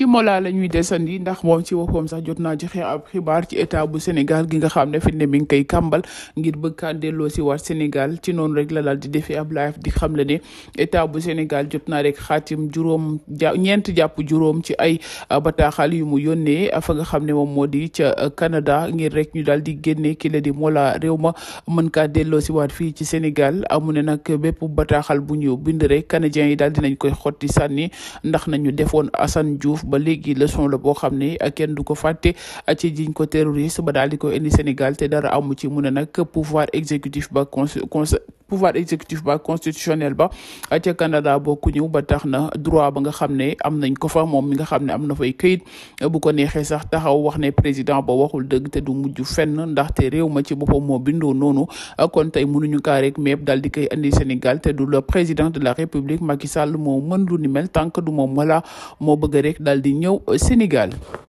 ci Mollah la ñuy desandi ndax moom ci boppam sax jot naa joxe ab xibaar ci état bu Sénégal gi nga xam ne fi ne mi ngi koy kàmbal ngir bëgg delloo si waat Sénégal ci noonu rek la daal di defee ab live di xam le état bu Sénégal jot naa rek xaatim juróom ja ñeent jàpp juróom ci ay bataaxal yu mu yónnee fa nga xam ne moom moo di ca Canada ngir rek ñu daal di génne ki la réew ma mën kaa delloo si waat fii ci Sénégal amu ne nag bépp bataaxal bu ñu bind rek canadiens yi daal dinañ koy xotti sànni ndax ñu defoon Assane Diouf ba léegi leçon la boo xam ne kenn du ko fàtte ci jiñ ko terroriste ba daal di ko indi Sénégal te dara amu ci mu ne nag pouvoir exécutif ba cons pouvoir exécutif ba constitutionnel ba ah, ca Canada bokkuñu ba tax na droit ba nga xam ne am nañ ko fa moom mi nga xam ne am na fay këyit bu ko neexee sax taxaw wax ne président ba waxul dëgg te du mujj fenn ndaxte réew ma ci boppam moo bindoo noonu ah, kon tey mënuñu kaa rek mépp daal di koy andi Sénégal te du le président de la République Macky Sall moo mën lu ni mel tànk du moom wala moo bëgg rek daal di ñëw Sénégal